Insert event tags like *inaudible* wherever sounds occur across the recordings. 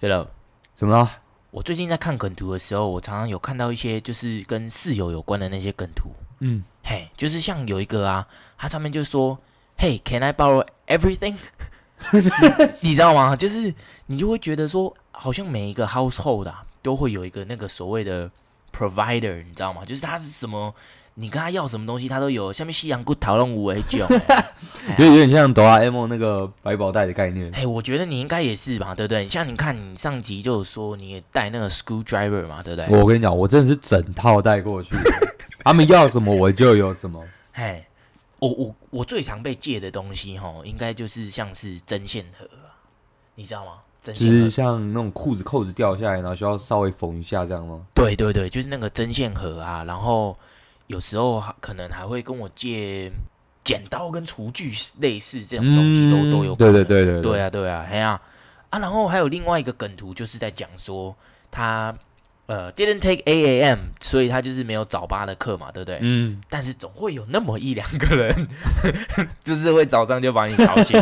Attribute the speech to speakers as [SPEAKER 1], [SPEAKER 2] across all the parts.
[SPEAKER 1] 對了，怎麼了？我最近在看梗圖的時候，我常常有看到一些就是跟室友有關的那些梗圖。嗯，嘿，hey, 就是像有一個啊，他上面就說：“嘿、hey，can I borrow everything？” *laughs* 你，你知道嗎？就是你就會覺得說，好像每一個 household 啊，都會有一個那個所謂的 provider，你知道嗎？就是他是什麼？你跟他要什麼東西，他都有。下面夕陽古討論五 A 就有 *laughs* 有點像哆啦 A 夢那個百寶袋的概念。哎，我覺得你應該也是吧，對不對？像你看，你上集就有說你也帶那個 screwdriver 嘛，對不對？我
[SPEAKER 2] 跟你講，我真的是整套帶過去， *laughs* 他們要什麼我就有什麼。
[SPEAKER 1] 哎，我我我最常被借的東西哈，應該就是像是針線盒啊，你知道嗎？就是
[SPEAKER 2] 像那種褲子釦子掉下來，然後需要稍微縫一下這樣嗎？對對對，就是那
[SPEAKER 1] 個針線盒啊，然後。有時候可能還會跟我借剪刀跟廚具，類似這種東西，都都有可能、嗯。對對對對對，對啊對啊，對啊，啊然後還有另外一個梗圖，就是在講說他呃 didn't take AAM，所以他就是沒有早八的課嘛，對不對？嗯。但是總會有那麼一兩個人， *laughs* *laughs* 就是會早上就把你吵醒。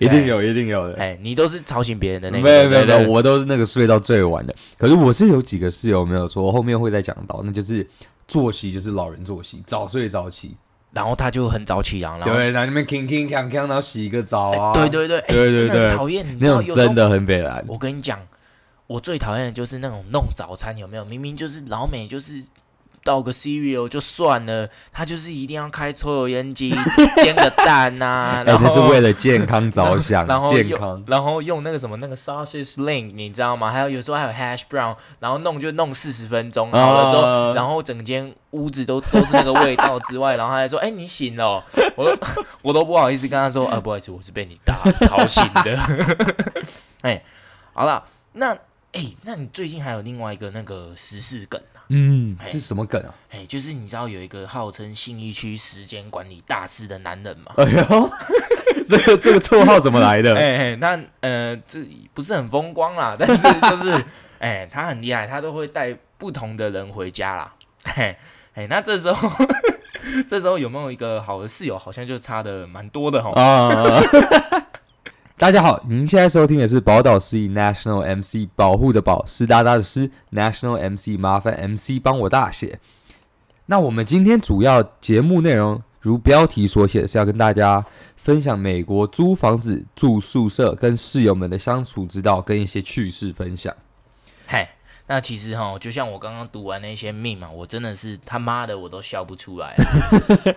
[SPEAKER 1] 一定有，一定有的。哎，你都是吵醒別人的那個。沒有沒，沒有，我
[SPEAKER 2] 都是那個睡到最晚的。可是我是有幾個室友沒有說，我後面會再講到，那就是。作息就是老人作息，早睡早起，然後他就很早起床，啊、了。對，然後你們 king king kang kang 然後洗個澡啊。對對對，真的對對對，討厭，你這種真的很北來。我
[SPEAKER 1] 跟你講，我最討厭的就是那種弄早餐，有沒有？明明就是老美就是。倒個 cereal 就算了，他就是一定要開抽油煙機 *laughs* 煎個蛋吶、啊，哎、欸，這是為了健康着想，然後健康，然後用那個什麼那個 sausage link，你知道嗎？還有有時候還有 hash brown，然後弄就弄四十分鐘之後，oh. 然後整間屋子都都是那個味道之外，然後他還說，哎、欸、你醒了、哦，我都我都不好意思跟他說啊，不好意思，我是被你打吵醒的。哎、 *laughs* 欸，好了，那哎、欸，那你最近還有另外一個那個時事梗？
[SPEAKER 2] 嗯，欸、是什麼梗啊？哎、
[SPEAKER 1] 欸，就是你知道有一個號稱信義區時間管理大師的男人嗎？哎呦， *laughs* 這個這個綽號怎麼來的？哎哎、欸，那、欸、呃，這不是很風光啦？但是就是哎、 *laughs* 欸，他很厲害，他都會帶不同的人回家啦。哎、欸欸、那這時候 *laughs* 這時候有沒有一個好的室友，好像就差得蠻多的齁。
[SPEAKER 2] 大家好，您現在收聽的是保島濕儀 National MC 保護的保，濕噠噠的濕 National MC，麻煩 MC 幫我大寫。那我們今天主要節目內容，如標題所寫，是要跟大家分享美國租房子、住宿舍跟室友們的相處之道，跟一些趣事分享。
[SPEAKER 1] 嘿，那其實哈，就像我剛剛讀完那些命嘛，我真的是他媽的我都笑不出來了。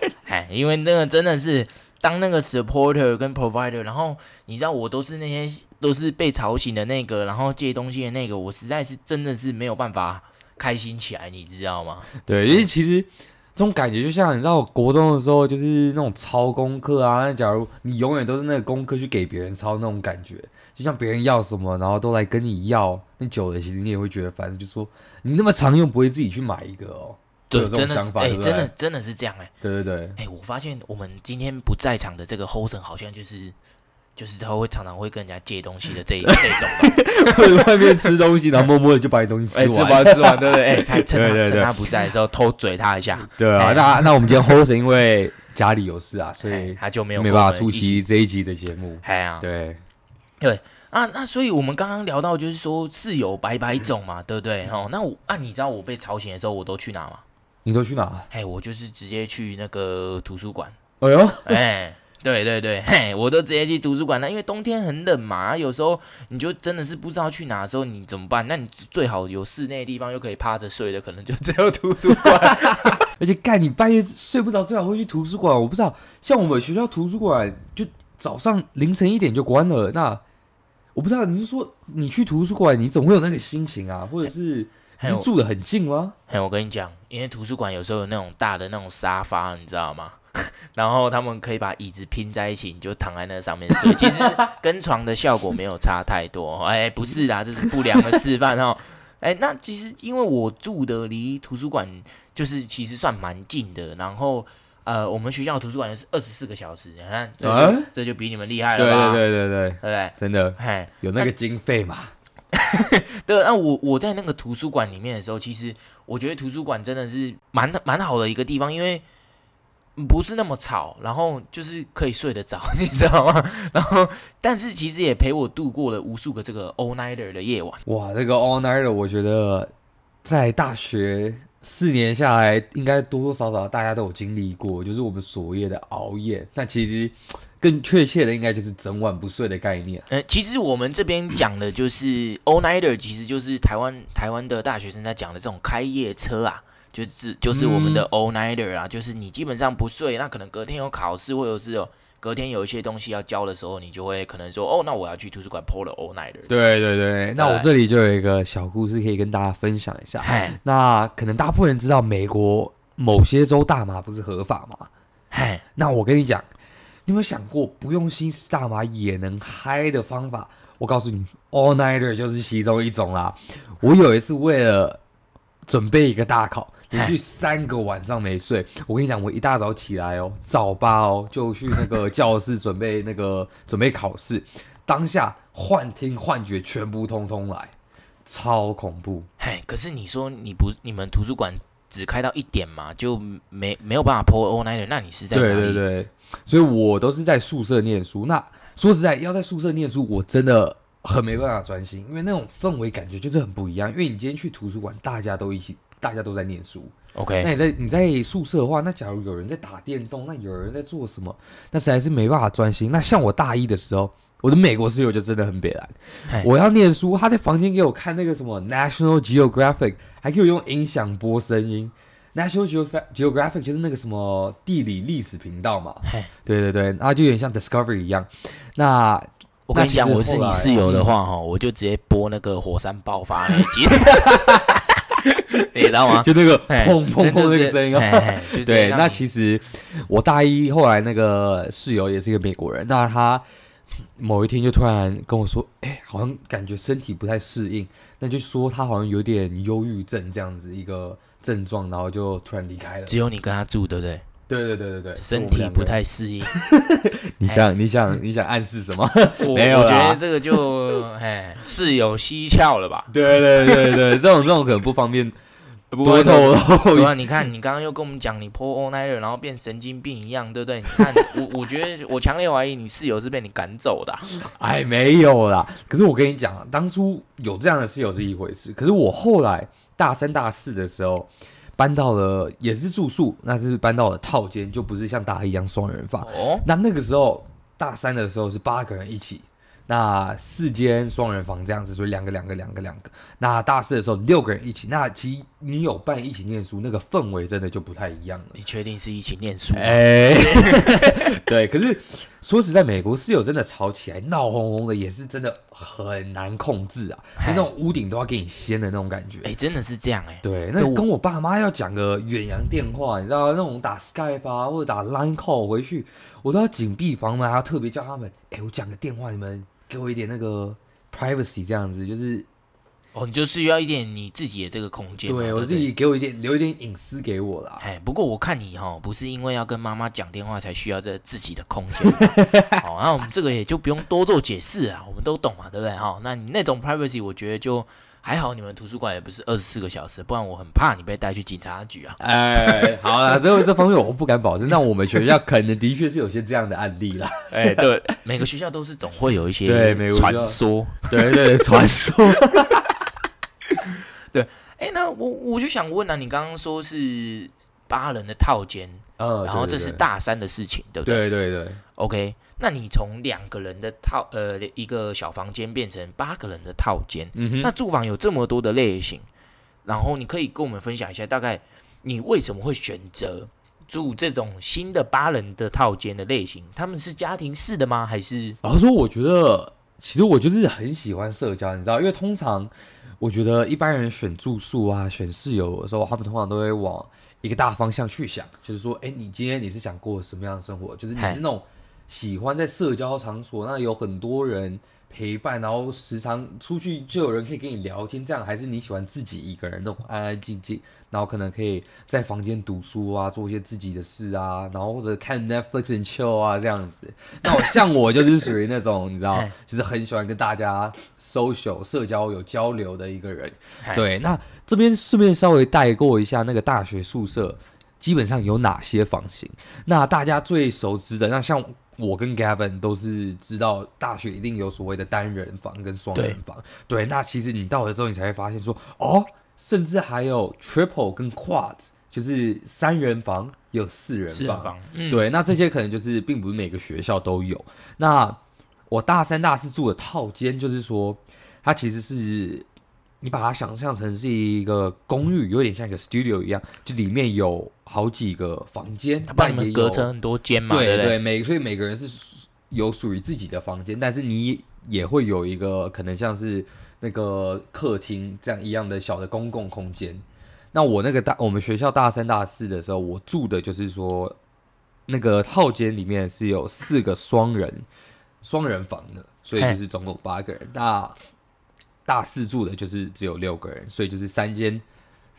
[SPEAKER 1] *laughs* 嘿，因為那個真的是。當那個 supporter 跟 provider，然後你知道我都是那些都是被吵醒的那個，然後借東西的那個，我實在是真的是沒有辦法開心起來，你知道
[SPEAKER 2] 嗎？對，因為其實這種感覺就像你知道我國中的時候，就是那種抄功課啊，那假如你永遠都是那個功課去給別人抄那種感覺，就像別人要什麼，然後都來跟你要，那久了其實你也會覺得煩，就說你那麼常用，不會自己去買一個哦。真的真的
[SPEAKER 1] 真的是這樣
[SPEAKER 2] 哎，對對對，
[SPEAKER 1] 哎，我發現我們今天不在場的這個 host 好像就是就是他會常常會跟人家借東西的這
[SPEAKER 2] 這種，外面吃東西，然後默默的就把你東西吃完吃完，對不對？哎，趁他趁他不在
[SPEAKER 1] 的時候偷嘴他一下，
[SPEAKER 2] 對啊。那那我們今天 host 因為家裡有事啊，所以他就沒有沒辦法出席這一集的節目，哎呀，對
[SPEAKER 1] 對啊，那所以我們剛剛聊到就是說室友百百種嘛，對不對？哦，那我那你知道我被吵醒的時候我都去哪嗎？
[SPEAKER 2] 你都去哪？
[SPEAKER 1] 嘿，我就是直接去那個圖書館。
[SPEAKER 2] 哎呦，
[SPEAKER 1] 哎，對對對，嘿，我都直接去圖書館。那因為冬天很冷嘛。有時候你就真的是不知道去哪的時候，你怎麼辦？那你最好有室內的地方又可以趴着睡的，可
[SPEAKER 2] 能就只有圖書館。 *laughs* *laughs* 而且幹，幹你半夜睡不着，最好會去圖書館。我不知道，像我們學校圖書館就早上凌晨一點就關了。那我不知道你是說你去圖書館，你總會有那個心情啊，或者是？還是住得很近嗎
[SPEAKER 1] 哎？哎，我跟你講，因為圖書館有時候有那種大的那種沙發，你知道嗎？ *laughs* 然後他們可以把椅子拼在一起，你就躺在那上面睡，其實跟床的效果沒有差太多。哎，不是啦， *laughs* 這是不良的示範哦。哎，那其實因為我住的離圖書館就是其實算蠻近的，然後呃，我們學校的圖書館是二十四個小時，你看，這就,啊、這就比你們厲害了吧？對,對對對對對，對對
[SPEAKER 2] 真的，嘿、哎，有那個經費嘛？
[SPEAKER 1] *laughs* 對，那我我在那個圖書館裡面的時候，其實我覺得圖書館真的是蠻蠻好的一個地方，因為不是那麼吵，然後就是可以睡得着，你知道嗎？然後，但是其實也陪我度過了無數個這個 all nighter 的夜晚。
[SPEAKER 2] 哇，這、那個 all nighter 我覺得在大學四年下來，應該多多少少大家都有經歷過，就是我們所謂的熬夜。但其實。更確切的，應該就是整晚不睡的概念。啊。呃、嗯，其實我們這
[SPEAKER 1] 邊講的就是 all nighter，其實就是台灣台灣的大學生在講的這種開夜車啊，就是就是我們的 all nighter 啊，就是你基本上不睡，那可能隔天有考試，或者是隔天有一些東西要交的時候，你就會可能說，哦，那我要去圖書館 pull all nighter。Night
[SPEAKER 2] er, 對對對，對那我這裡就有一個小故事可以跟大家分享一下。嗨嘿，那可能大部分人知道美國某些州大麻不是合法嘛？嗨嘿，那我跟你講。你有沒有想過不用吸食大麻也能嗨的方法？我告訴你，All Nighter 就是其中一種啦。我有一次為了準備一個大考，連續三個晚上沒睡。嘿我跟你講，我一大早起來哦，早八哦，就去那個教室準備那個 *laughs* 準備考試。當下幻聽幻覺全部通通來，超恐怖。嘿，可是你說你不你們
[SPEAKER 1] 圖書館？只開到一點嘛，就沒沒有辦法 po all night 的。那你是在哪裡？對對對，
[SPEAKER 2] 所以我都是在宿舍念書。那說實在，要在宿舍念書，我真的很沒辦法專心，因為那種氛圍感覺就是很不一樣。因為你今天去圖書館，大家都一起，大家都在念書。OK，那你在你在宿舍的話，那假如有人在打電動，那有人在做什麼，那實在是沒辦法專心。那像我大一的時候。我的美國室友就真的很白爛。嘿我要念書，他在房間給我看那個什麼 National Geographic，還給我用音響播聲音。National Geographic 就是那個什麼地理歷史頻道嘛。嘿對對對，那就有點像 Discovery 一樣。那我跟你講，我是你室友的話哈嘿、哦，我就直接播那個火山爆發 *laughs* 那一集，你知道嗎？就那個砰砰砰那個聲音、哦。 *laughs* 接對，那其實我大一後來那個室友也是一個美國人，那他。某一天就突然跟我說：“哎、欸，好像感覺身體不太適應。”那就說他好像有點憂鬱症這樣子一個症狀，然後就突然離開了。只有你跟他住，對不對？對對對對對，身體不太適應。 *laughs* 你想、欸、你想你想暗示什麼？沒有我，我，我覺得
[SPEAKER 1] 這個就哎事、 *laughs* 呃、有蹊蹺了吧？對，對對對對，
[SPEAKER 2] 這種這種可能不方便。不會透露對
[SPEAKER 1] 啊， *laughs* 你看你剛剛又跟我們講你 po all nighter, 然後變神經病一樣，對不對？你看
[SPEAKER 2] 我，我覺得我強烈懷疑你室友是被你趕走的、啊。哎，沒有啦。可是我跟你講，當初有這樣的室友是一回事。可是我後來大三、大四的時候搬到了也是住宿，那是搬到了套間，就不是像大一一樣雙人房。哦，那那個時候大三的時候是八個人一起，那四間雙人房這樣子，所以兩個兩個兩個兩個。那大四的時候六個人一起，那其。你有伴一起念書，那個氛圍真的就不太一樣了。你確定是一起念書？哎、欸， *laughs* *laughs* 對。可是說實在，美國室友真的吵起來，鬧鬨鬨的，也是真的很難控制啊。就嘿那種屋頂都要給你掀的那種感覺。哎、欸，真的是這樣哎、欸。對，那個、跟我爸媽要講個遠洋電話，嗯、你知道那種打 Skype 啊，或者打 Line Call 回去，我都要緊閉房門、啊，還要特別叫他們：哎、欸，我講個電話，你們給我一點那個 privacy，這樣子就是。
[SPEAKER 1] 哦，你就是要一點你自己的這個空間。對，對，對，我自己給我一點，留一點隱私給我啦。哎，不過我看你哈、哦，不是因為要跟媽媽講電話才需要這自己的空間。好、 *laughs* 哦，那我們這個也就不用多做解釋啊，我們都懂嘛，對不對哈、哦？那你那種 privacy 我覺得就還好，你們圖書館也不是二十四個小時，不然我很怕你被帶去警察局啊。哎，好了，這
[SPEAKER 2] 這方面我不敢保證， *laughs* 那我們學校可能的確是有些這樣的案例啦。哎，對， *laughs* 每個學校都是總會有一些對傳說，對對，對傳說。 *laughs* 對，
[SPEAKER 1] 哎，那我我就想問了、啊，你剛剛說是八人的套間，呃、然後這是大三的事情，對，對，對，對不對？對對對，OK。那你從兩個人的套呃一個小房間變成八個人的套間，嗯、哼那住房有這麼多的類型，然後你可以跟我們分享一下，大概你為什麼會選擇住這種新的八人的套間的類型？他們是家庭式的嗎？還是？
[SPEAKER 2] 老實、啊、說，我覺得。其實我就是很喜歡社交，你知道，因為通常我覺得一般人選住宿啊、選室友的時候，他們通常都會往一個大方向去想，就是說，誒，你今天你是想過什麼樣的生活？就是你是那種喜歡在社交場所，那有很多人。陪伴，然後時常出去就有人可以跟你聊天，這樣。還是你喜歡自己一個人那種安安靜靜，然後可能可以在房間讀書啊，做一些自己的事啊，然後或者看 Netflix and chill 啊，這樣子。那我像我就是屬於那種 *laughs* 你知道，就是很喜歡跟大家 social 社交有交流的一個人。 *laughs* 對，那這邊順便稍微帶過一下那個大學宿舍。基本上有哪些房型？那大家最熟知的，那像我跟 Gavin 都是知道大學一定有所謂的單人房跟雙人房。對，對，那其實你到了之後，你才會發現說，哦，甚至還有 triple 跟 quad，就是三人房也有四人房。是。對，那這些可能就是並不是每個學校都有。嗯，那我大三、大四住的套間，就是說它其實是。你把它想象成是一個公寓，有點像一個 studio 一樣，就裡面有好幾個房間，它幫你們隔成很多間嘛，對不對？對對，每所以每個人是有屬於自己的房間，但是你也會有一個可能像是那個客廳這樣一樣的小的公共空間。那我那個大我們學校大三、大四的時候，我住的就是說那個套間裡面是有四個雙人雙人房，的，所以就是總共八個人。那嘿大四住的就是只有六個人，所以就是三間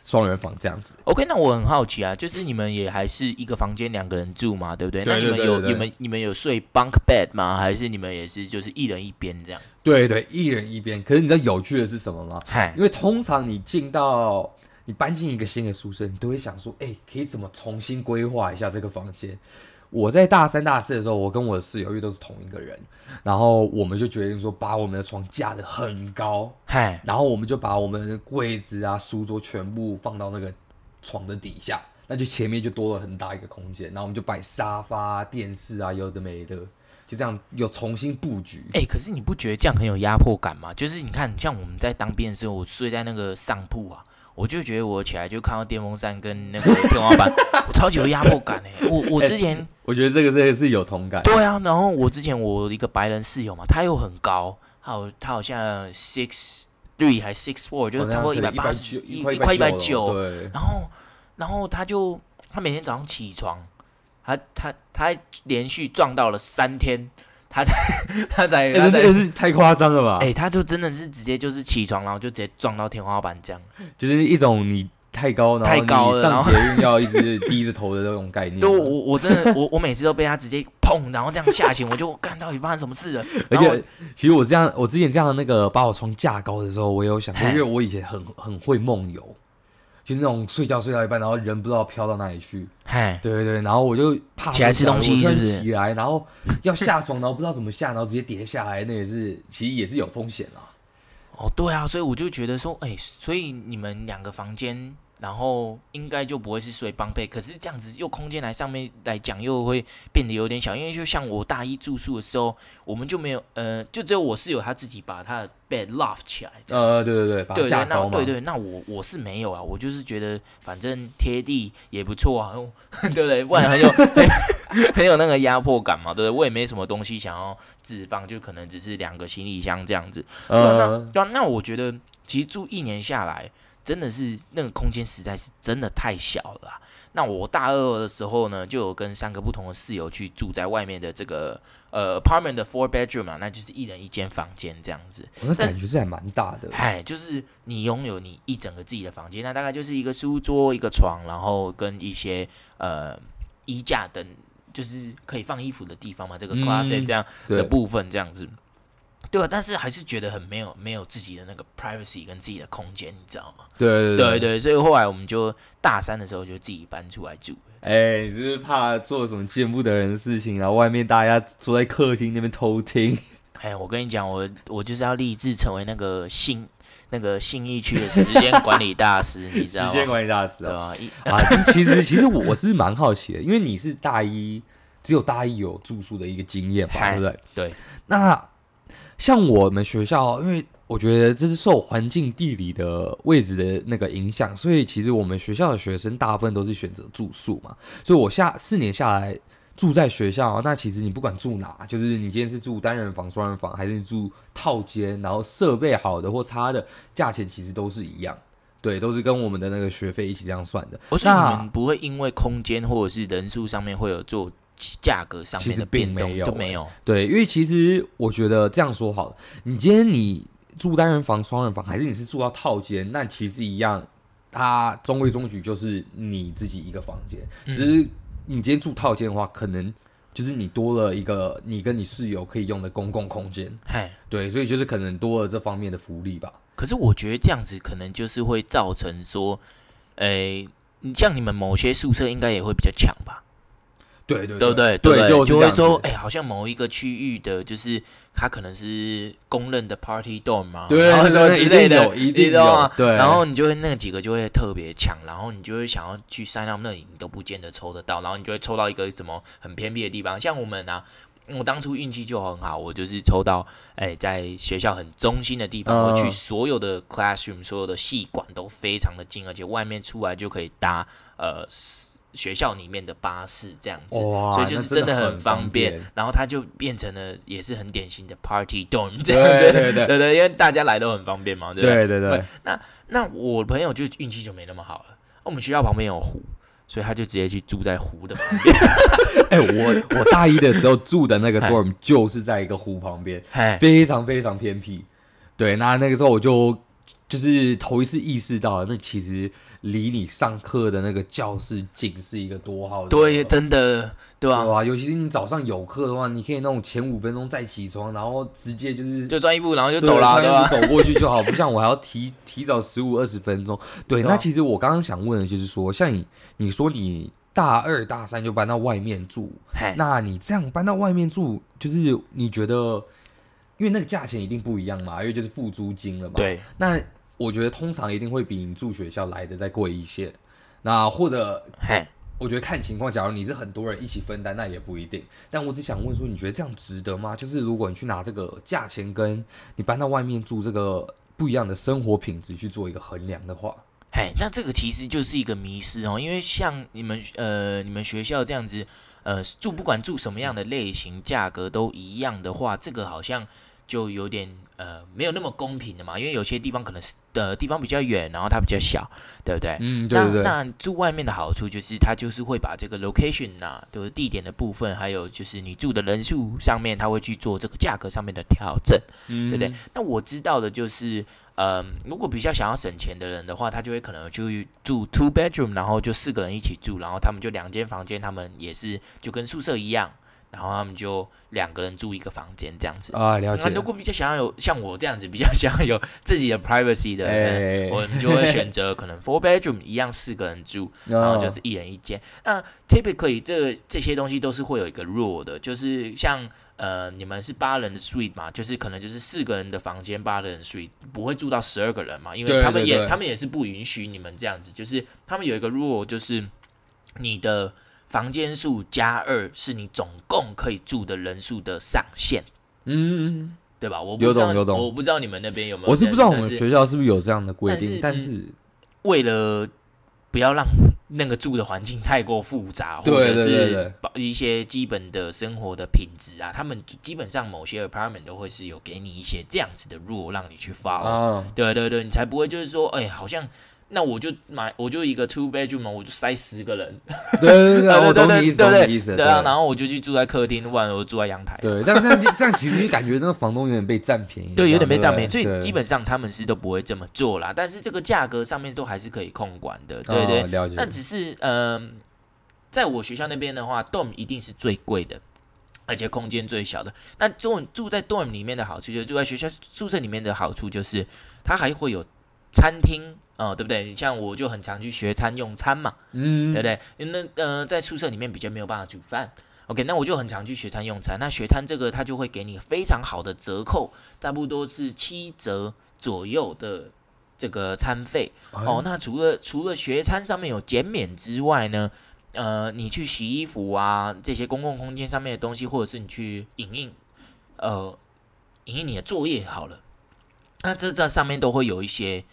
[SPEAKER 2] 雙人房這
[SPEAKER 1] 樣子。OK，那我很好奇啊，就是你們也還是一個房間兩個人住嘛，對不對？對對對對，那你們有你們你們有睡 bunk bed 嗎？還是你們也是就是一人一邊這樣？對，對對，一人一
[SPEAKER 2] 邊。可是你知道有趣的是什麼嗎？嗨，因為通常你進到你搬進一個新的宿舍，你都會想說，哎，可以怎麼重新規劃一下這個房間？我在大三、大四的時候，我跟我的室友因為都是同一個人，然後我們就決定說把我們的床架得很高，嗨，然後我們就把我們的櫃子啊、書桌全部放到那個床的底下，那就前面就多了很大一個空間，然後我們就擺沙發啊、電視啊，有的沒的，就這樣又重新布局。誒，可是你
[SPEAKER 1] 不覺得這樣很有壓迫感嗎？就是你看，像我們在當兵的時候，我睡在那個上鋪啊。我就覺得我起來就看到電風扇跟那個天花板， *laughs* 我超級有壓迫感哎、欸！我我之前、
[SPEAKER 2] 欸，我覺得這個這個是
[SPEAKER 1] 有同感。對啊，然後我之前我一個白人室友嘛，他又很高，他好他好像 six three 還 six four，就是差不多180、哦、180, 一,一百八十一塊一百九，對然後然後他就他每天早上起床，他他他連續撞到了三天。 *laughs* 他在他在，真的是太誇張了吧！哎、欸，他就真的是直接就是起床，然後就直接撞到天花板這樣，就是一種你太高，然後你上捷運要一
[SPEAKER 2] 直低着頭的這種概念。對 *laughs* 後，我我真的
[SPEAKER 1] *laughs* 我我每次都被他直接砰，然後這樣嚇醒， *laughs* 我就看到底發生什麼事了。而且
[SPEAKER 2] 其實我這樣，我之前這樣的那個把我床架高的時候，我也有想過， *laughs* 因為我以前很很會夢遊。就是那種睡覺睡到一半，然後人不知道飄到哪裡去，嘿對對對，然後我就怕起來，起來吃東西是不是？起來，然後要下床，然後不知道怎麼下，然後直接跌下來，那也是 *laughs* 其實也是有風險的哦，對啊，所以我就覺得說，哎、欸，所以你們兩個房間。然後
[SPEAKER 1] 應該就不會是睡 bunk bed，可是這樣子又空間來上面來講，又會變得有點小。因為就像我大一住宿的時候，我們就沒有，呃，就只有我室友他自己把他的 bed loft 起來。是是呃，對對對，把架高嘛，對對，那我我是沒有啊，我就是覺得反正貼地也不錯啊，對不對？不然很有、 *laughs* 欸、很有那個壓迫感嘛，對不對？我也沒什麼東西想要置放，就可能只是兩個行李箱這樣子。呃，那那,那我覺得其實住一年下來。真的是那個空間實在是真的太小了，啊。那我大二的時候呢，就有跟三個不同的室友去住在外面的這個呃 apartment 的 four bedroom 嘛，啊，那就是一人一間房間這樣子。我的感覺是還蠻大的。哎，就是你擁有你一整個自己的房間，那大概就是一個書桌、一個床，然後跟一些呃衣架等，就是可以放衣服的地方嘛，這個 closet，嗯這樣的部分這樣子。對啊，但是還是覺得很沒有沒有自己的那個 privacy 跟自己的空間，你知道嗎？對對對，對對，所以後來我們就大三的時候就自己搬出來住。
[SPEAKER 2] 哎、欸，你是不是怕做什麼見不得人的事情，然後外面大家坐在客廳那邊偷聽？哎、欸，我跟你講，我我就是要立志成為那個信那個信義區的時間管理大師， *laughs* 你知道嗎？時間管理大師啊、
[SPEAKER 1] 哦？對啊。 *laughs* 啊其實其實我是
[SPEAKER 2] 蠻好奇的，因為你是大一，只有大一有住宿的一個經驗吧？對不嘿對？對。那像我們學校，因為我覺得這是受環境地理的位置的那個影響，所以其實我們學校的學生大部分都是選擇住宿嘛。所以我下四年下來住在學校，那其實你不管住哪，就是你今天是住單人房、雙人房，還是你住套間，然後設備好的或差的，價錢其實都是一樣，對，都是跟我們的那個學費一起這樣算的。而且你們那不會因為空間或者是人數上面會有做？價格上面的變動，其實並沒有，都沒有，對，因為其實我覺得這樣說好了，你今天你住單人房、雙人房，還是你是住到套間，那其實一樣，它中規中矩就是你自己一個房間，只是你今天住套間的話，可能就是你多了一個你跟你室友可以用的公共空間，嘿，對，所以就是可能多了這
[SPEAKER 1] 方面的福利吧。可是我覺得這樣子可能就是會造成說，誒、欸，你像你們某些宿舍應該也會比較強吧。對對對對？對,對，就,就會說，哎、欸，好像某一個區域的，就是它可能是公認的 party dorm 嘛？對，然後之類的，一定有，一定有，對，然後你就會那個、幾個就會特別強，然後你就會想要去塞那裡，那，你都不見得抽得到，然後你就會抽到一個什麼很偏僻的地方。像我們啊，我當初運氣就很好，我就是抽到，哎、欸，在學校很中心的地方，我、嗯、去所有的 classroom，所有的系館都非常的近，而且外面出來就可以搭，呃。學校裡面的巴士這樣子，哇所以就是真的很方便。方便，然後它就變成了也是很典型的 party dorm，對對對，對對對，因為大家來都很方便嘛，對不對，對，對對。那那我朋友就運氣就沒那麼好了。我們學
[SPEAKER 2] 校旁邊有湖，所以他就直接去住在湖的旁邊。哎、 *laughs* *laughs* 欸，我我大一的時候住的那個 dorm 就是在一個湖旁邊，嘿非常非常偏僻。對，那那個時候我就就是頭一次意識到，那其實。離你上課的那個教室近是一個多好？對，吧真的，對啊，對吧？哇，尤其是你早上有課的話，你可以那種前五分鐘再起床，然後直接就是就轉一步，然後就走啦。對，對吧走過去就好， *laughs* 不像我還要提提早十五二十分鐘。對，對吧那其實我剛剛想問的就是說，像你，你說你大二大三就搬到外面住，嘿那你這樣搬到外面住，就是你覺得，因為那個價錢一定不一樣嘛，因為就是付租金了嘛，對，那。我覺得通常一定會比你住學校來得再貴一些，那或者，嘿，我覺得看情況，假如你是很多人一起分擔，那也不一定。但我只想問說，你覺得這樣值得嗎？就是如果你去拿這個價錢跟你搬到外面住這個不一樣的生活品質去做一個衡量的話，
[SPEAKER 1] 嘿，那這個其實就是一個迷思哦，因為像你們呃你們學校這樣子，呃住不管住什麼樣的類型，價格都一樣的話，這個好像。就有點呃沒有那麼公平的嘛，因為有些地方可能是的、呃、地方比較遠，然後它比較小，對不對？嗯對對對那，那住外面的好處就是它就是會把這個 location 啊，就是地點的部分，還有就是你住的人數上面，它會去做這個價格上面的調整，嗯、對不對？那我知道的就是，嗯、呃，如果比較想要省錢的人的話，他就會可能就住 two bedroom，然後就四個人一起住，然後他們就兩間房間，他們也是就跟宿舍一樣。然後他們就兩個人住一個房間這樣子啊，Oh, 了解。如果比較想要有像我這樣子比較想要有自己的 privacy 的人，Hey. 我們就會選擇可能 four bedroom 一樣四個人住，Oh. 然後就是一人一間。那 typically 這這些東西都是會有一個 rule 的，就是像呃你們是八人的 suite 嘛，就是可能就是四個人的房間，八人的 suite 不會住到十二個人嘛，因為他們也對對對，他們也是不允許你們這樣子，就是他們有一個 rule 就是你的。房間數加二是你總共可以住的人數的上限，嗯，對吧？我不知道，有懂，有懂。我不知道你們那邊有沒有，我是不知道我們學校是
[SPEAKER 2] 不是有這樣的規定，但是
[SPEAKER 1] 為了不要讓那個住的環境太過複雜，對對對對，或者是保一些基本的生活的品質啊，他們基本上某些 apartment 都會是有給你一些這樣子的 rule 讓你去 follow。哦。o 對對對，你才不會就是說，哎、欸，好像。那我就買，我就一個 two bedroom，我就塞十個人。對，對，對，對，對，對，對，然後我懂你意思對啊，然後我就去住在客廳，對不然我住在陽台。
[SPEAKER 2] 對，這樣這樣這樣， *laughs* 這樣其實你感覺那個房東有點被占便宜。對，樣有點被占便宜。對所以基
[SPEAKER 1] 本上他們是都不會這麼做啦，對但是這個價格上面都還是可以控管的。對對，對，哦、但那只是嗯、呃，在我學校那邊的話 dorm 一定是最貴的，而且空間最小的。那住在住在 dorm 裡面的好處，就是住在學校宿舍裡面的好處，就是它還會有。餐廳啊、呃，對不對？你像我就很常去學餐用餐嘛，嗯，對不對？那呃，在宿舍裡面比較沒有辦法煮飯，OK，那我就很常去學餐用餐。那學餐這個它就會給你非常好的折扣，差不多是七折左右的這個餐費哦、呃。那除了除了學餐上面有減免之外呢，呃，你去洗衣服啊，這些公共空間上面的東西，或者是你去影印，呃，影印你的作業好了，那這這上面都會有一些。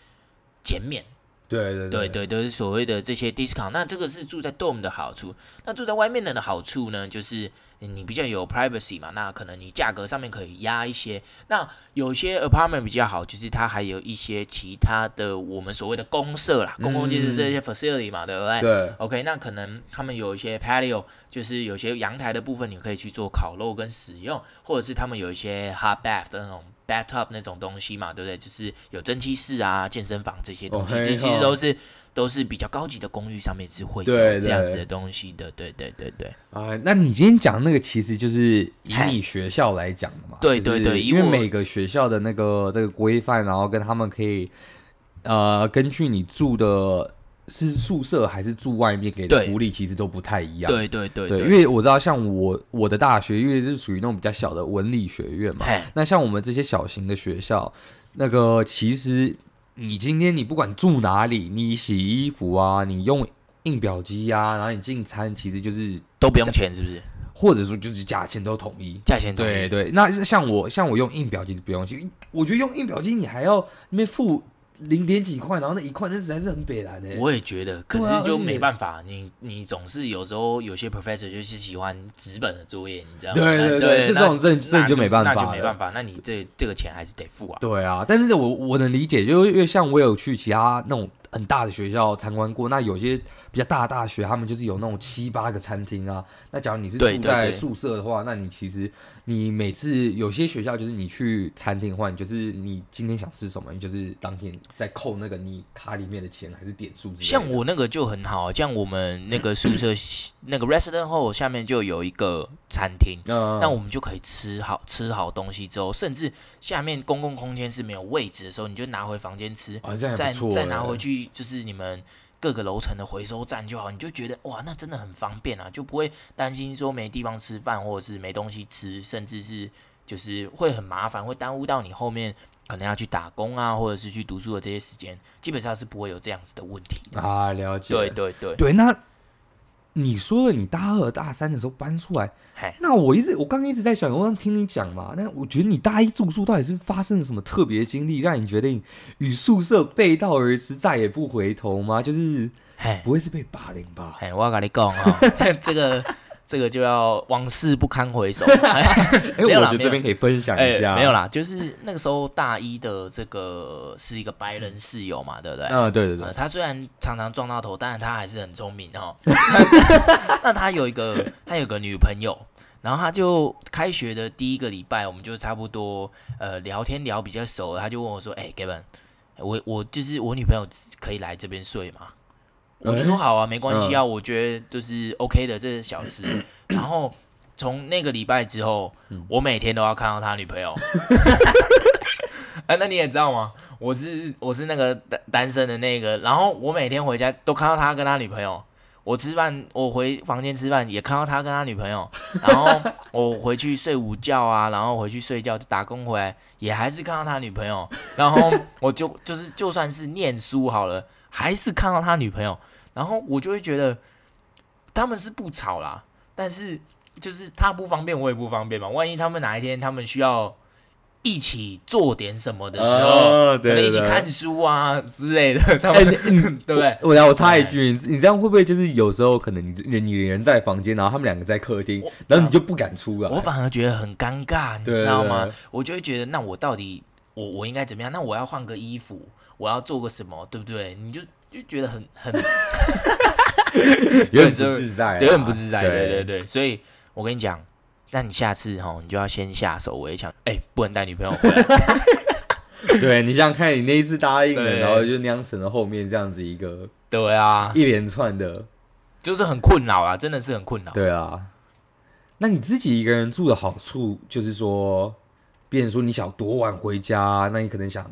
[SPEAKER 1] 減免，對
[SPEAKER 2] 對對，對對
[SPEAKER 1] 對，都是所謂的這些 discount。那這個是住在 dorm 的好處，那住在外面的好處呢？就是。你比較有 privacy 嘛，那可能你價格上面可以壓一些。那有些 apartment 比較好，就是它還有一些其他的我們所謂的公設啦，公共就是這些 facility 嘛，嗯、對不對？對。OK，那可能他們有一些 patio，就是有些陽台的部分你可以去做烤肉跟使用，或者是他們有一些 hot bath 的那種 bathtub 那種東西嘛，對不對？就是有蒸汽室啊、健身房這些東西，okay, 這其實都是。都是比較高級的公寓上面是會有這樣子的東西的，對對對對。
[SPEAKER 2] 啊、呃，那你今天講那個，其實就是以你學校來講的嘛，嘿 就是，對對對，因為，因為每個學校的那個這個規範，然後跟他們可以，呃，根據你住的是宿舍還是住外面給的福利，其實都不太一樣。對對對、對、對、對，因為我知道，像我我的大學，因為是屬於那種比較小的文理學院嘛，嘿 那像我們這些小型的學校，那個其實。你今天你不管住哪裡，你洗衣服啊，你用印表機呀、啊，然後你進餐，其實就是都不用錢，是不是？或者說就是價錢都統一，價錢統一。對對，那像我像我用印表機就不用錢，我覺得用印表機你還要那邊付。零點幾塊，然後那一塊那實在是很北來的。我也覺得，可是就沒辦法，
[SPEAKER 1] 啊、你你、你總是有時候有些 professor 就是喜歡紙本的作業，你知道嗎？對，對對對，對對就這種這那、就、那就、就沒辦法，那就沒辦法，那你這對這個錢還是得付啊。
[SPEAKER 2] 對啊，但是我我能理解，就因為像我有去其他那種很大的學校參觀過，那有些比較大的大學，他們就是有那種七八個餐廳啊。那假如你是住在宿舍的話，對對對那你其實。你每次有些學校就是你去餐廳換，就是你今天想吃什麼，你就是當天在扣那個你卡裡面的錢還是點數之類的，像我那個就很
[SPEAKER 1] 好，啊，像我們那個宿舍 *coughs* 那個 residence hall 下面就有一個餐廳，嗯、那我們就可以吃好吃好東西之後，甚至下面公共空間是沒有位置的時候，你就拿回房間吃，哦，再再拿回去就是你們。各個樓層的回收站就好，你就覺得哇，那真的很方便啊，就不會擔心說沒地方吃飯，或者是沒東西吃，甚至是就是會很麻煩，會耽誤到你後面可能要去打工啊，或者是去讀書的這些時間，基本上是不會有這樣子的問題的啊。了解，對對
[SPEAKER 2] 對對，那。你說了，你大二、大三的時候搬出來，嘿那我一直我剛剛一直在想，我剛聽你講嘛，那我覺得你大一住宿到底是發生了什麼特別經歷，讓你決定與宿舍背道而馳，再也不回頭嗎？就是，嘿不會是被霸凌吧？哎，我要跟你講啊、哦， *laughs* 這個。這個就要往事不堪回
[SPEAKER 1] 首。
[SPEAKER 2] *laughs* 沒有啦，我覺得這邊可以分享一下，欸。沒有啦，就
[SPEAKER 1] 是那個時候大一的這個是一個白人室友嘛，對不對？啊、嗯，對對對、呃。他雖然常常撞到頭，但是他還是很聰明哈、哦， *laughs* *laughs* 那他有一個，他有個女朋友，然後他就開學的第一個禮拜，我們就差不多呃聊天聊比較熟了，他就問我說：“哎、欸、，Gavin，我我就是我女朋友可以來這邊睡嗎？”
[SPEAKER 2] 我就說好啊，沒關係
[SPEAKER 1] 啊，我覺得就是 OK 的，這個小事。然後從那個禮拜之後，我每天都要看到他女朋友。哎，那你也知道嗎？我是我是那個單單身的那個，然後我每天回家都看到他跟他女朋友。我吃飯，我回房間吃飯也看到他跟他女朋友。然後我回去睡午覺啊，然後回去睡覺就打工回來也還是看到他女朋友。然後我就就是就算是念書好了，還是看到他女朋友。然後我就會覺得他們是不吵啦，但是就是他不方便，我也不方便嘛。萬一他們哪一天他們需要一起做點什麼的時候，哦、對，對，對，可能一起看書啊之類的，他們、欸、對不對？我來，我插一
[SPEAKER 2] 句你，你這樣會不會就是有時候可能你你人，你人在房間，然後他們兩個在客廳，我然後你就不敢出了、啊？我反而覺得很尷尬，你知道嗎？對對對
[SPEAKER 1] 對我就會覺得，那我到底我我應該怎麼樣？那我要換個衣服，我要做個什麼，對不對？你就。就覺得很很 *laughs* *laughs* 對，哈哈哈哈哈，覺得很不自在，對對對，所以我跟你講，那你下次齁，你就要先下手為強，哎、欸，不能帶女朋友回來， *laughs* *laughs* 對，你
[SPEAKER 2] 想看你那一次答應了，對然後就釀成了後面這樣子一個，對啊，一連串的，就是很困擾啊，真的是很困擾，對啊，那你自己一個人住的好處就是說，變成說你想多晚回家，那你可能想。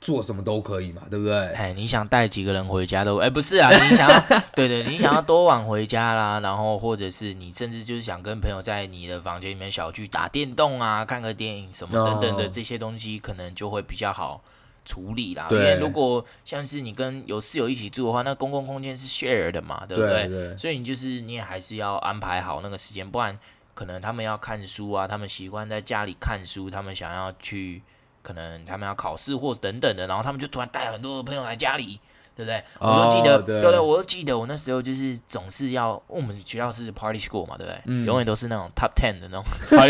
[SPEAKER 2] 做什麼都可以嘛，對不對？哎，你想帶幾個人回家都？哎，不是啊，你想要， *laughs* 對
[SPEAKER 1] 對，你想要多晚回家啦？ *laughs* 然後或者是你甚至就是想跟朋友在你的房間裡面小聚，打電動啊，看個電影什麼等等的這些東西，oh. 可能就會比較好處理啦。對因為如果像是你跟有室友一起住的話，那公共空間是 share 的嘛，對不對？對對，所以你就是你也還是要安排好那個時間，不然可能他們要看書啊，他們習慣在家裡看書，他們想要去。可能他們要考試或等等的，然後他們就突然帶很多的朋友來家裡，對不對？我都記得，對對，我都記得。我那時候就是總是要，我們學校是 party school 嘛，對不對？嗯。永遠都是那種 top ten 的那種。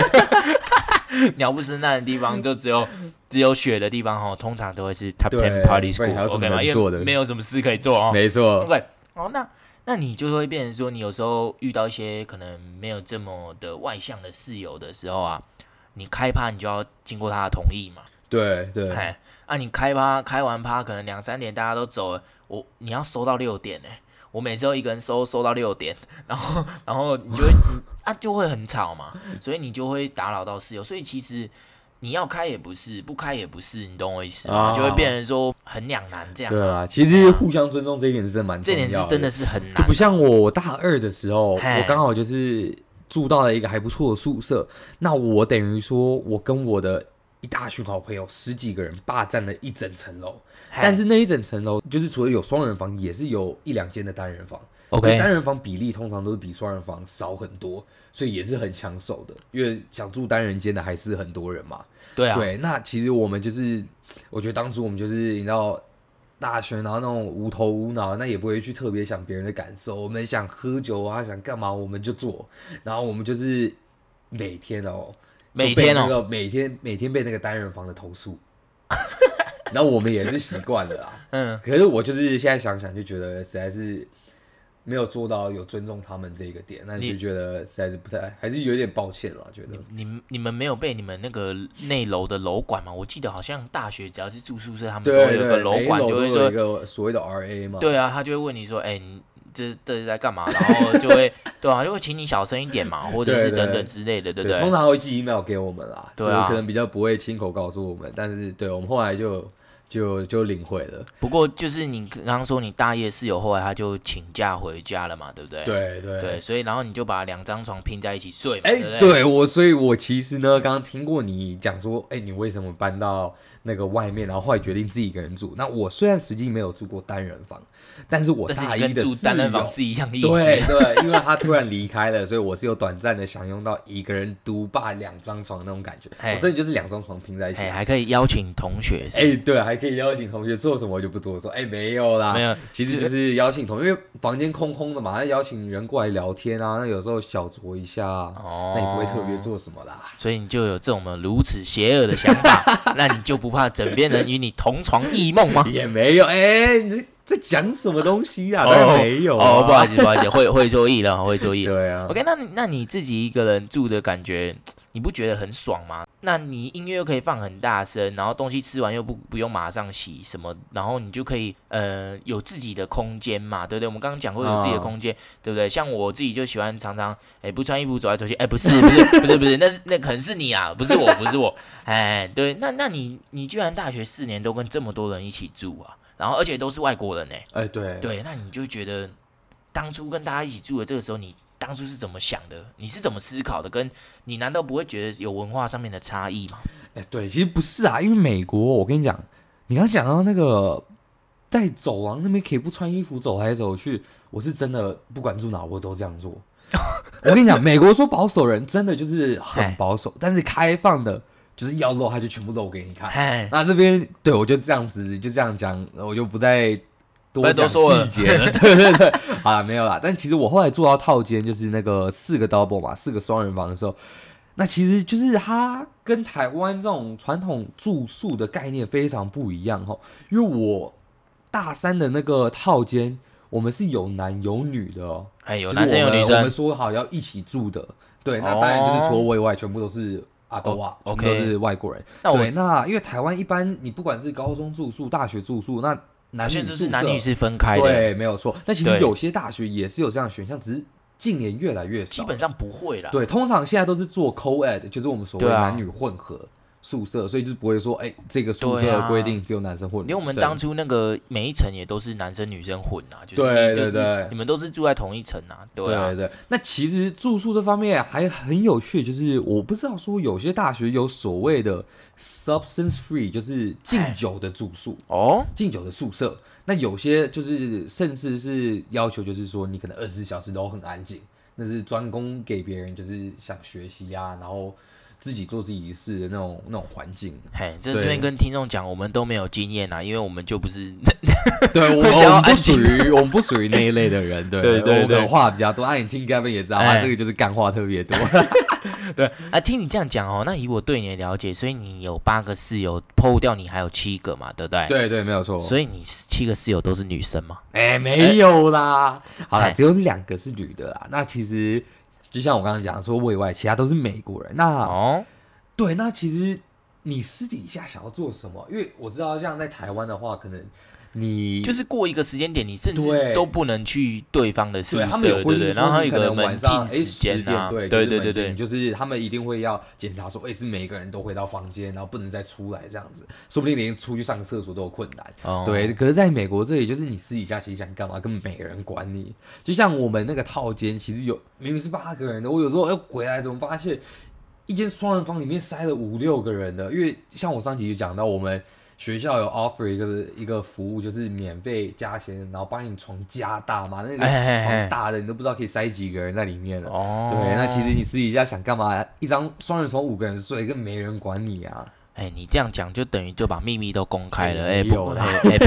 [SPEAKER 1] 哈哈哈！哈。鳥不生蛋的地方，就只有只有雪的地方哈。通常都會是 top ten party school，OK 嗎？因為沒有什麼事可以做哦。沒錯。對。哦，那那你就會變成說，你有時候遇到一些可能沒有這麼的外向的室友的時候啊，你開趴你就要經過他的同意嘛。對對，哎，那、啊、你開趴開完趴，可能兩三點大家都走了，我你要收到六點呢。我每次都一個人收，收到六點，然後然後你就會 *laughs* 啊就會很吵嘛，所以你就會打擾到室友。所以其實你要開也不是，不開也不是，你懂我意思嗎？啊、就會變成說很兩難這樣。對啊，
[SPEAKER 2] 其實互相尊重這一點是真的蠻的，這點是真的是很難，難。就不像我大二的時候，我剛好就是住到了一個還不錯的宿舍，嘿那我等於說我跟我的。一大群好朋友，十幾個人霸占了一整層樓，但是那一整層樓就是除了有雙人房，也是有一兩間的單人房。OK，單人房比例通常都是比雙人房少很多，所以也是很搶手的。因為想住單人間的還是很多人嘛。對啊。對，那其實我們就是，我覺得當初我們就是，你知道，大學然後那種無頭無腦，那也不會去特別想別人的感受，我們想喝酒啊，想幹嘛我們就做，然後我們就是每天哦，被那個每天、喔、每天每天被那個單人房的投訴， *laughs* 然後我們也是習慣了啊。 *laughs* 嗯，可是我就是現在想想就覺得，實在是沒有做到有尊重他們這個點，那你就覺得實在是不太，你還是有點抱歉了。覺得你
[SPEAKER 1] 你，你們沒有被你們那個內樓的樓管嘛？我記得好像大學只要是住宿舍，他們都會有個樓管，就會說對對對一，有
[SPEAKER 2] 一個所謂的 RA 嘛。對啊，
[SPEAKER 1] 他就會問你說：“哎、欸。你”這這是在幹嘛？然後就會 *laughs* 對啊，就會請你小聲一點嘛，或者是等等之類的，對不對？對對，通常
[SPEAKER 2] 會寄 email 給我們啦，對啊，可能比較不會親口告訴我們，但是對我們後來就就就領會了。不過就是你剛剛說你大夜室友後來他就請假回
[SPEAKER 1] 家了嘛，對不對？對對對，所以然後你就把兩張床拼在一起睡嘛。哎、欸，對，對，對
[SPEAKER 2] 我，所以我其實呢，剛剛聽過你講說，哎、欸，你為什麼搬到？那個外面，然後後來決定自己一個人住。那我雖然實際沒有住過單人房，但是我大一的是住單人房是一樣的意思、啊。對對，因為他突然離開了， *laughs* 所以我是有短暫的享用到一個人獨霸兩張床那種感覺。嘿我真的就是兩張床拼在一起、啊，還可
[SPEAKER 1] 以邀請同學
[SPEAKER 2] 是是。哎、欸，對還可以邀請同學做什麼我就不多說。哎、欸，沒有啦，沒有，其實就是邀請同學，因為房間空空的嘛，那邀請人過來聊天啊，那有時候小酌一下哦，那你不會特別做什麼啦、
[SPEAKER 1] 哦，所以你就有這種如此邪惡的想法，
[SPEAKER 2] *laughs* 那你就不怕。怕枕邊人與你同
[SPEAKER 1] 床異夢嗎？也沒有，哎、欸。在講什麼東西啊？沒有哦、啊，oh, oh, oh, 不好意思，不好意思， *laughs* 會會錯意了，會錯意。對啊。OK，那那你自己一個人住的感覺，你不覺得很爽嗎？那你音樂又可以放很大聲，然後東西吃完又不不用馬上洗什麼，然後你就可以呃有自己的空間嘛，對不對？我們剛剛講過有自己的空間，uh. 對不對？像我自己就喜歡常常哎不穿衣服走來走去，哎不是不是不是不是，那是那可能是你啊，不是我，不是我。哎， *laughs* 對，那那你你居然大學四年都跟這麼多人一起住啊？然後，而且都是外國人呢。
[SPEAKER 2] 哎對對，那你
[SPEAKER 1] 就覺得當初跟大家一起住的這個時候，你當初是怎麼想的？你是怎麼思考的？跟你難道不
[SPEAKER 2] 會覺得有文化上面的差異嗎？哎對，其實不是啊，因為美國，我跟你講，你剛剛講到那個在走廊那邊可以不穿衣服走來走去，我是真的不管住哪，我都這樣做。 *laughs* 我跟你講， *laughs* 美國說保守人真的就是很保守，哎、但是開放的。就是要露，他就全部露給你看。嘿那這邊對，我就這樣子，就這樣講，我就不再多講細節了。 *laughs* 對，對對對，好了，沒有啦。但其實我後來做到套間，就是那個四個 double 嘛，四個雙人房的時候，那其實就是它跟台灣這種傳統住宿的概念非常不一樣哈、哦。因為我大三的那個套間，我們是有男有女的哦。哎、欸，有男生有女生我，我們說好要一起住的。對，那當然就是除了我以外全部都是。阿都啊，都，全都是外國人。Okay. 對，那，我那因為台灣一般你不管是高中住宿、大學住宿，那男女宿舍是男女是分開的，對，沒有錯。但其實有些大學也是有這樣選項，只是近年越來越少，基本上不會啦。對，通常現在都是做 co-ed，就是我們所謂的男女混合。宿舍，所以就不會說，哎、欸，這個宿舍的規定只有男生混，啊。因為我們當初
[SPEAKER 1] 那個每一層也都是男生女生混啊，就是就是對對對，你們都是住
[SPEAKER 2] 在同一層啊，對，啊對對對。那其實住宿這方面還很有趣，就是我不知道說有些大學有所謂的 substance free，就是禁酒的住宿哦，禁、oh? 酒的宿舍。那有些就是甚至是要求，就是說你可能二十四小時都很安靜，那是專供給別人，就是想學習啊，然後。自己做自己儀式的那種那種環境，嘿，這這邊
[SPEAKER 1] 跟聽眾講，我們都沒有經
[SPEAKER 2] 驗啊，因為我們就不是，對，我們不屬於，我們不屬於那一類的人，對對對，我的話比較多，啊，你聽嘉賓也知道，啊，這個就是幹話特別多，對，啊，聽
[SPEAKER 1] 你這樣講哦，那以我對你的了解，所以你有八個室友，剖掉你還有七個嘛，對不對？對
[SPEAKER 2] 對，沒有錯，所以你七個室友都是女生嗎？哎，沒有啦，好了，只有兩個是女的啦，那其實。就像我剛剛講的說，除了我以外，外，其他都是美國人。那，哦、對，那其實你私底下想要做什麼？因為我知道，像在台灣的話，可能。
[SPEAKER 1] 你就是
[SPEAKER 2] 過一個時間點，你甚至對都
[SPEAKER 1] 不能去對方的宿舍，對他們有規定，然後還有一個門禁時間。對對對對，
[SPEAKER 2] 就是他們一定會要檢查說，說、欸、哎，是每一個人都回到房間，然後不能再出來這樣子，說不定連出去上個廁所都有困難。嗯、對，可是在美國這裡，就是你私底下其實想想幹嘛，根本沒人管你。就像我們那個套間，其實有明明是八個人的，我有時候要回來，怎麼發現一間雙人房裡面塞了五六個人的？因為像我上集就講到我們。學校有 offer 一個一個服務，就是免費加錢，然後幫你床加大嘛。那裡、個、床大的，你都不知道可以塞幾個人在裡面了。哦，對，那其實你私底下想幹嘛？一張雙人床五個人睡，一個沒人管你啊。哎、欸，
[SPEAKER 1] 你這樣講就等於就把秘密都公開了。哎，不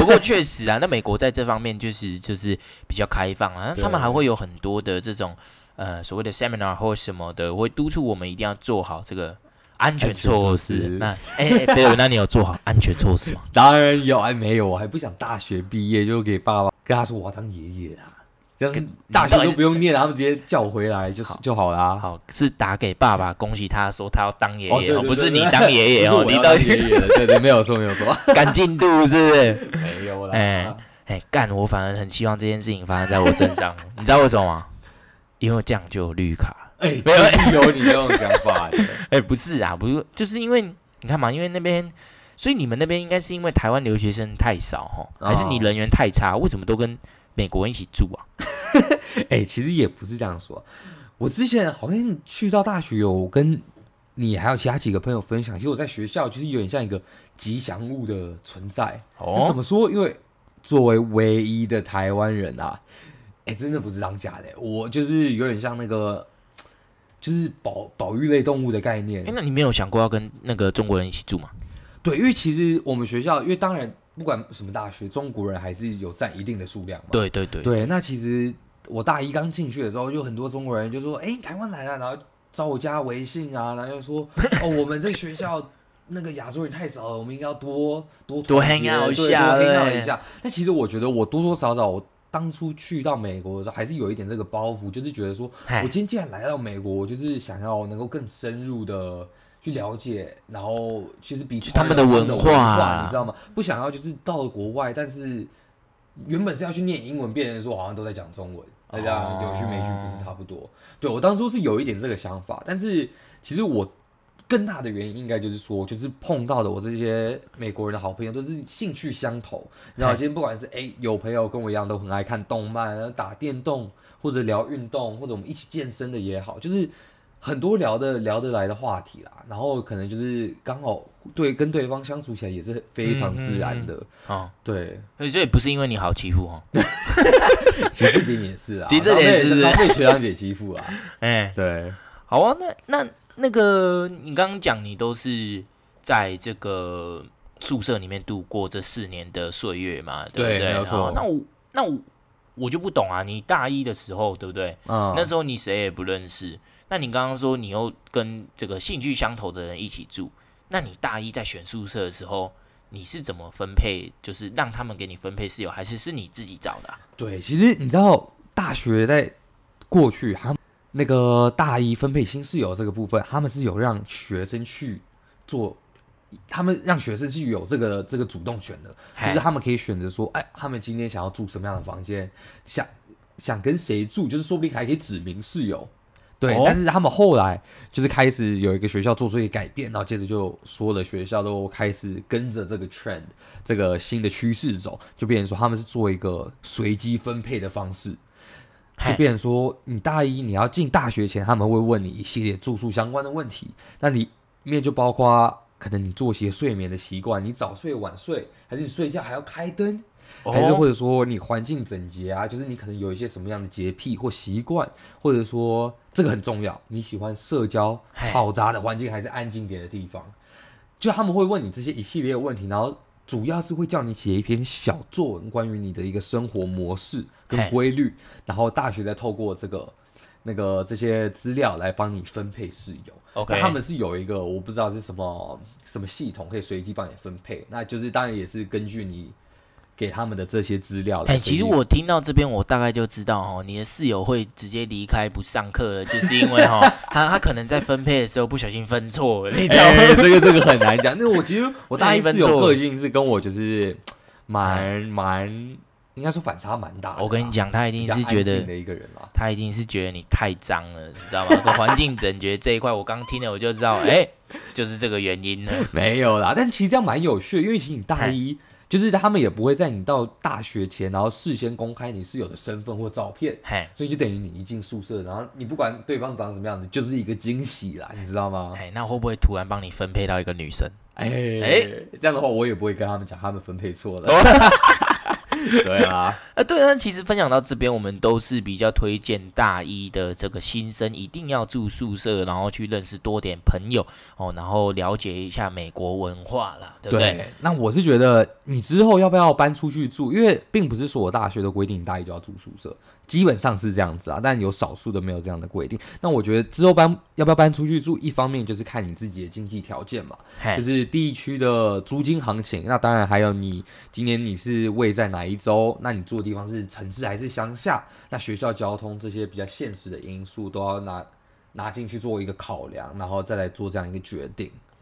[SPEAKER 1] 過確實啊，那美國在這方面就是就是比較開放啊。對他們還會有很多的這種呃所謂的 seminar 或什麼的，會督促我們一定要做好這
[SPEAKER 2] 個。安全措施，那哎，對那你有做好安全措施嗎？當然有，哎，沒有，我還不想大學畢業就給爸爸跟他說我要當爺爺啊，這樣大學就不用念了，他們直接叫回來就是就好啦。好，是打給爸爸，恭喜他說他要當爺爺哦，不是你當爺爺哦，你當爺爺，對，對，沒有錯，沒有錯，趕進度
[SPEAKER 1] 是不是？沒有啦，哎，哎，幹，我反而很希望這件事情發生在我身上，你知道為什麼嗎？因為這樣就有綠卡。
[SPEAKER 2] 哎，沒有、欸就是、有你這種想法，哎 *laughs* 、
[SPEAKER 1] 欸，不是啊，不是，就是因為你看嘛，因為那邊，所以你們那邊應該是因為台灣留學生太少哦，哦還是你人緣太差？為什麼都跟美國人一起住啊？哎
[SPEAKER 2] *laughs* 欸，其實也不是這樣說。我之前好像去到大學，有跟你還有其他幾個朋友分享，其實我在學校就是有點像一個吉祥物的存在。哦，怎麼說？因為作為唯一的台灣人啊，哎、欸，真的不是當假的、欸，我就是有點像那個。就是保保育類動物的概念、欸。
[SPEAKER 1] 那你沒有想過要跟那個中國人一起住嗎？
[SPEAKER 2] 對，因為其實我們學校，因為當然不管什麼大學，中國人還是有占一定的數量
[SPEAKER 1] 嘛。對對對。對，那
[SPEAKER 2] 其實我大一剛進去的時候，有很多中國人就說：“哎、欸，台灣來了、啊，然後找我加微信啊，然後又說哦，我們這個學校 *laughs* 那個亞洲人太少了，我們應該要多多、哦、多, hang out, 多 hang out 一下。欸” hang out 一下。但其實我覺得，我多多少少我。當初去到美國的時候，還是有一點這個包袱，就是覺得說，我今天既然來到美國，就是想要能夠更深入的去了解，然後其實比他們的文化，文化啊、你知道嗎？不想要就是到了國外，但是原本是要去念英文，變成說好像都在講中文，大家、啊、有句沒句不是差不多？對，我當初是有一點這個想法，但是其實我。更大的原因應該就是說，就是碰到的我這些美國人的好朋友都是興趣相投，然後你知道嗎？嘿今天不管是哎、欸、有朋友跟我一樣都很愛看動漫，然後打電動或者聊運動或者我們一起健身的也好，就是很多聊的聊得來的話題啦，然後可能就是剛好對跟對方相處起來也是非常自然的啊，嗯
[SPEAKER 1] 哼嗯哼嗯對，所以這也不是因為你好欺負哦，學長姐也是啊，其實這點也是，這點是，是，是被學長姐欺負啊，哎、 *laughs* 欸，對，好啊，那那。那個，你剛剛講，你都是在這個宿舍裡面度過這四年的歲月嘛，對不對？對，沒有錯。那我那我我就不懂啊！你大一的時候，對不對？嗯。那時候你誰也不認識。那你剛剛說你又跟這個興趣相投的人一起住。那你大一在選宿舍的時候，你是怎麼分配？就是讓他們給你分配室友，還是是你自己找的
[SPEAKER 2] 啊？對，其實你知道，大學在過去他那個大一分配新室友這個部分，他們是有讓學生去做，他們讓學生去有這個這個主動權的，嘿就是他們可以選擇說，哎，他們今天想要住什麼樣的房間，想想跟誰住，就是說不定還可以指名室友。
[SPEAKER 1] 對，哦、但是他
[SPEAKER 2] 們後來就是開始有一個學校做出一個改變，然後接着就所有的學校都開始跟着這個 trend 這個新的趨勢走，就變成說他們是做一個隨機分配的方式。就變成說，你大一你要進大學前，他們會問你一系列住宿相關的問題，那裡面就包括可能你作息睡眠的習慣，你早睡晚睡，還是你睡覺還要開燈，oh. 還是或者說你環境整潔啊，就是你可能有一些什麼樣的潔癖或習慣，或者說，這個很重要，你喜歡社交 Hey. 吵雜的環境還是安靜點的地方，就他們會問你這些一系列的問題，然後。主要是會叫你寫一篇小作文，關於你的一個生活模式跟規律，Hey. 然後大學再透過這個、那個這些資料來幫你分配室友。Okay. 那他們是有一個我不知道是什麼什麼系統，可以隨機幫你分配。那就是當然也是根據你。給他們的這些資料了。哎，其實我
[SPEAKER 1] 聽到這邊，我大概就知道哦，你的室友會直接離開不上課了，就是因為哦， *laughs* 他他可能在分配的時候不小心分錯了，你知道嗎？欸、這個這個很難講。那 *laughs* 我其實我大一室友個
[SPEAKER 2] 性是跟我就是蠻蠻，蠻，應該是反差蠻大的。我跟你講，他一定是覺得的一個人了，他一定是覺得你太髒了，你
[SPEAKER 1] 知道嗎？說 *laughs* 環境整潔這一塊，我剛聽了我就知道，哎、欸，就是這個原因了。
[SPEAKER 2] 沒有啦，但其實這樣蠻有趣，因為其實你大一。就是他們也不會在你到大學前，然後事先公開你室友的身份或照片，嘿，所以就等於你一進宿舍，然後你不管對方長什麼樣子，就是一個驚喜啦，你知道嗎？嘿，那會不會突然幫你分配到一個女生？哎，嘿嘿，這樣的話我也不會跟他們講，他們分配錯了。 *laughs* *laughs*
[SPEAKER 1] *laughs* 對啊，呃，對啊，其實分享到這邊，我們都是比較推薦大一的這個新生一定要住宿舍，然後去認識多點朋友
[SPEAKER 2] 哦，然後了解一下美國文化
[SPEAKER 1] 啦。對不對，對？那我
[SPEAKER 2] 是覺得你之後要不要搬出去住？因為並不是所有大學都規定你大一就要住宿舍。基本上是這樣子啊，但有少數的沒有這樣的規定。那我覺得之後搬要不要搬出去住，一方面就是看你自己的經濟條件嘛，嘿就是地區的租金行情。那當然還有你今年你是位在哪一州，那你住的地方是城市還是鄉下，那學校、交通這些比較現實的因素都要拿拿進去做一個考量，然後再來做這樣一個決定。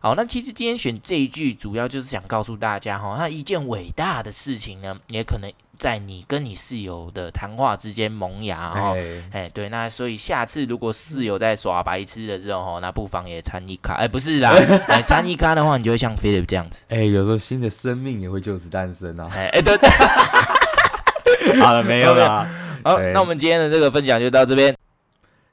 [SPEAKER 1] 好，那其實今天選這一句，主要就是想告訴大家，哈，那一件偉大的事情呢，也可能在你跟你室友的談話之間萌芽、啊，哈、欸，哎、欸，對，那所以下次如果室友在耍白痴的時候，哈，那不妨也參一咖，哎、欸，不是啦，哎、 *laughs* 欸，參一咖的話，你就會像菲利普這樣子，哎、欸，有時候新的生命也會就此誕生呢、啊，哎、欸欸，對， *laughs* *laughs* 好了，沒有了，好，對那我們今天的這個分享就到這邊。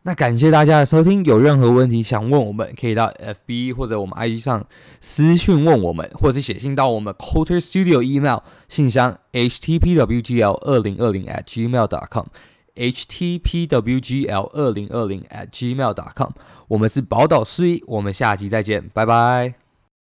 [SPEAKER 2] 那感謝大家的收聽，有任何問題想問我們，可以到 FB 或者我們 IG 上私訊問我們，或者寫信到我們 Coulter Studio email 信箱 htpwgl 二零二零 at gmail dot com，htpwgl 二零二零 at gmail dot com，, com 我們是保島濕儀，我們下期再見，拜拜。